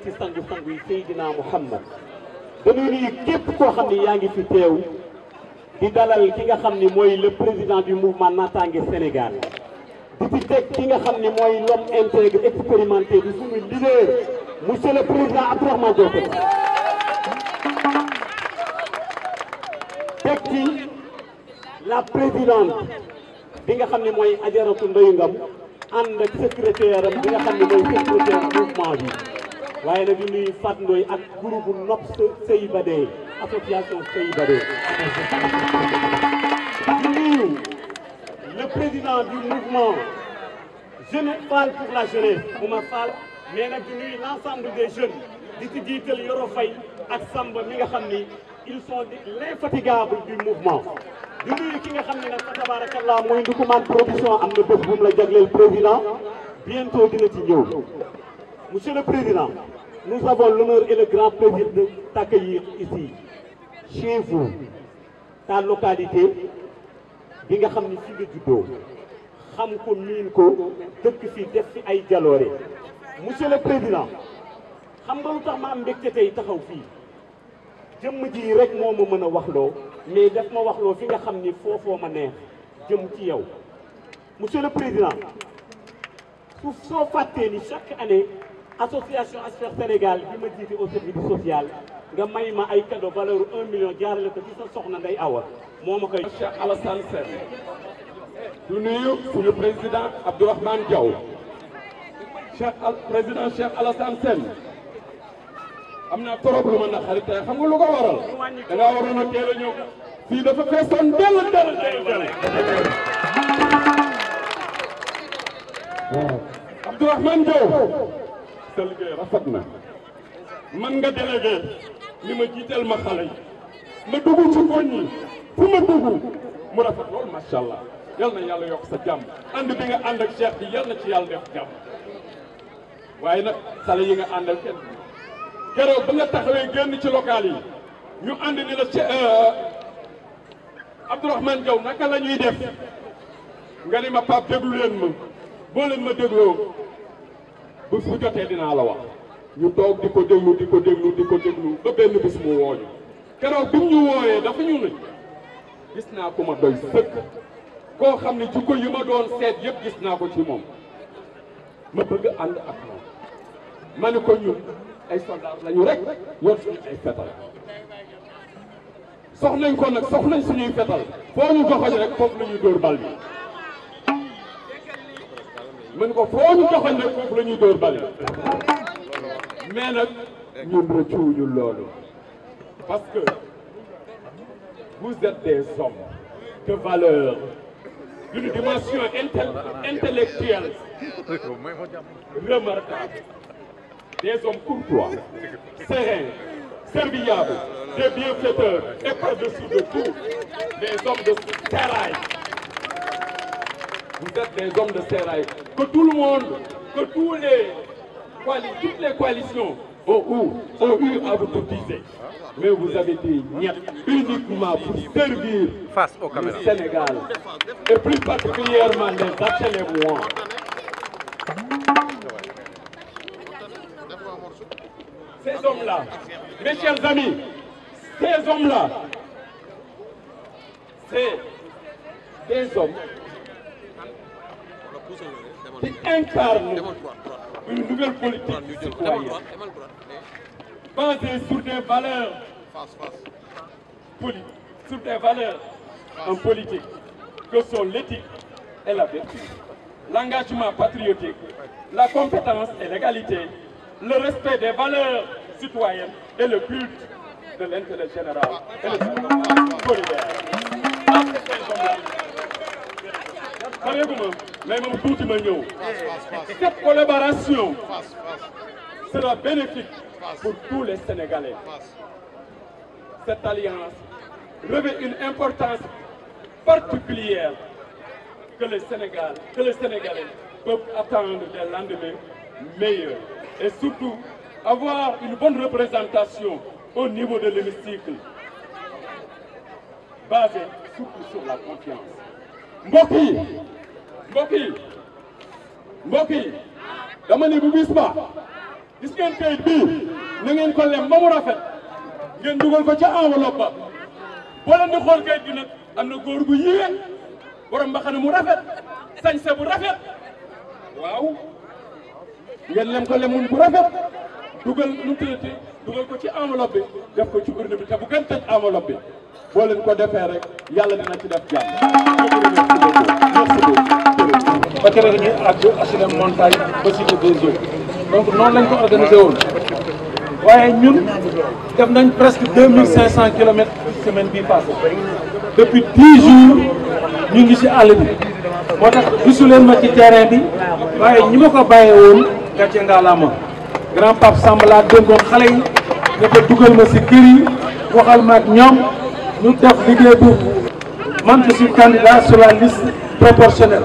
julli ci sangu-sangu yi Seydina Muhammad dañuy nuyu képp koo xam ne yaa ngi fi teew di dalal ki nga xam ne mooy le président du mouvement Natangué Sénégal di ci teg ki nga xam ne mooy l'homme intègre expérimenté di suñu leader monsieur le président Abdourahmane Diokhé teg ci la présidente bi nga xam ne mooy Adjaratou Ndeye Ngam ànd ak secrétaire am bi nga xam ne mooy secrétaire mouvement bi waaye nag di fat ndoy ak groupe nopp sëy badee association sëy badee di le président du mouvement jeune parle pour la jeunesse Oumar Fall mais nag di nuyu l'ensemble des jeunes di ci jiital Yoro fay ak Samba mi nga xamni ils sont l'infatigable du mouvement du nuyu ki nga xamni nak tabarakallah moy Ndoukoumane production am na bés bu mu la jagleel président bientôt dina ci ñëw Monsieur le Président, nous avons l'honneur et le grand plaisir de t'accueillir ici, chez vous, ta localité, bi nga xam ni fi nga xam ko Monsieur le Président xam suis un ma me mbégte taxaw je mais je ma je fi nga je suis ma neex Monsieur le Président tous soo chaque année association Asper Sénégal bi ma jiite au service social nga may ma ay cadeau valeur 1 million jaar la ko ci sa soxna Ndeye Awa moo koy. Cheikh Alassane Sène du nuyu le président Abdourahmane Diaw Cheikh al président Cheikh Alassane Sène amna naa trop lu ma naqari tey xam nga lu ko waral da nga waro a teel ñu fi dafa feesoon del del del dell. Abdourahmane Diaw. sa liggéey rafet na man nga délégué li ma jiiteel ma xale ma dugg ci koñ fu ma dugg mu rafet loolu allah sa bi nga ak cheikh bi ci def jam, waaye nag xale yi nga àndal kenn keroog ba nga taxawee génn ci local yi ñu ànd ni la ci euh, Abdourahmane Diaw naka la def nga ni ma ma ma bés bu jotee dinaa la wax ñu toog di ko déglu di ko déglu di ko déglu ba benn bis mu wooñu keroog bi mu ñu wooyee dafa ñu ne gis naa ko ma doy sëkk koo xam ne jikko yi ma doon seet yëpp gis naa ko ci moom ma bëgg ànd ak moom ma ne ko ñun ay soldat lañu rek yor suñu ay fetal soxnañ ko nag soxnañ suñuy fetal foo ñu joxoñ rek foofu la ñuy dóor bal bi mais parce que vous êtes des hommes de valeur d'une dimension intellectuelle remarquable des hommes courtois sereins serviables des bienfaiteurs et par-dessus de tout des hommes de terrain vous êtes des hommes de Serail. Que tout le monde, que toutes les coalitions ont, eu, à vous cotiser. Mais vous avez dit uniquement pour servir Face le Sénégal. Et plus particulièrement les Achelébouans. Ces hommes-là, mes chers amis, ces hommes-là, c'est des hommes il incarne une nouvelle politique citoyenne basée sur des valeurs politiques, sur des valeurs en politique que sont l'éthique et la vertu, l'engagement patriotique, la compétence et l'égalité, le respect des valeurs citoyennes et le culte de l'intérêt général et Mais mon tout ma cette collaboration sera bénéfique pour tous les Sénégalais cette alliance revêt une importance particulière que les Sénégalais peuvent attendre des lendemains meilleurs et surtout avoir une bonne représentation au niveau de l'hémicycle basée surtout sur la confiance Merci. mbokk yi yi dama ni bu bis ba gis ngeen kayit bii na ngeen ko lem ba mu rafet ngeen dugal ko ca enveloppe ba boo leen di xool kayit bi nag am na góor gu yiwee borom mbaxana mu rafet sañse bu rafet waaw ngeen lem ko lemun bu rafet dugal nu traité dugal ko ci enveloppe bi def ko ci urne bi te bu gën tëj enveloppe bi boo leen ko defee rek yàlla dina ci def jàmm ba keroog ñuy àgg asilem montagne ba si ko donc noonu lañ ko organisé woon waaye ñun def nañ presque deux mille cinq cent kilomètres semaine bii passé depuis dix jours ñu ngi si àll bi moo tax ma ci terrain bi waaye ñi ma ko bàyyee woon gàcce ngaalaama grand pape Samb laa dénkoon xale yi ne ko dugal ma si kër yi waxal ma ak ñoom ñu def liggéey bu man je suis candidat sur la liste proportionnelle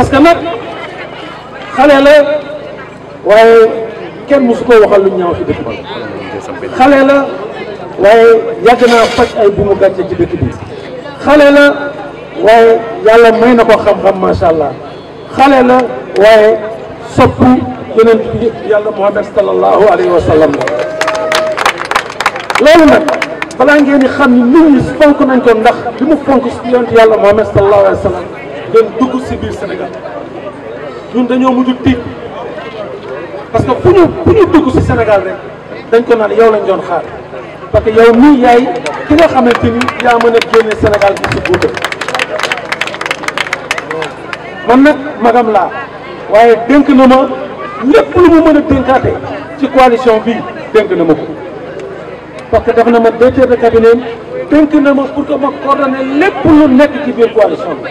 كاسكامات خالي لا واي كان مسكو وخلو نياو في دكبال خالي لا واي يجنا فاج اي بومو غاتي في دكبي خالي لا واي يالا ماي نكو خام خام ما شاء الله خالي لا واي سوبو يلن يالا محمد صلى الله عليه وسلم لولو نك فلان غيني خامي نيس فونكو نانكو ناخ بيمو فونكو سيونت يالا محمد صلى الله عليه وسلم dañ dugg si biir Sénégal ñun dañoo mujj tiit parce que fu ñu fu ñu dugg si Sénégal rek dañ ko naan yow lañ doon xaar parce que yow mii yaay ki nga xamante ni yaa mën a génne Sénégal bi si guuta man nag magam laa waaye dénk na ma lépp lu mu mën a dénkaate ci coalition bi dénk na ma ko parce que def na ma directeur de cabinet dénk na ma pour que ma coordonné lépp lu nekk ci biir coalition bi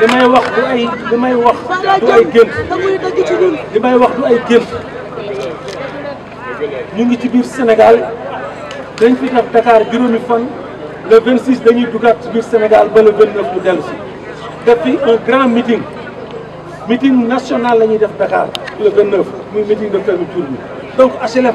li may wax du ay li may wax du ay gént li wax ay gént ñu ngi ci biir Sénégal dañ fi def Dakar juróomi fan le 26 dañuy duggaat ci biir Sénégal ba le 29 bu dellu si def fi un grand meeting meeting national la ñuy def Dakar le 29 muy meeting de fermeture bi donc HLM.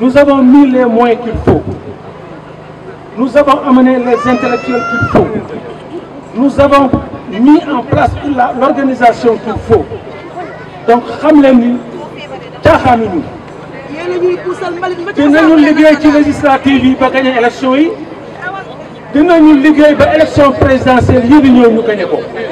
Nous avons mis les moyens qu'il faut. Nous avons amené les intellectuels qu'il faut. Nous avons mis en place l'organisation qu'il faut. Donc, nous Tchahamini. dinañu liggéey ci législative pour ba l'élection. élection yi dinañu liggéey ba élection présidentielle les di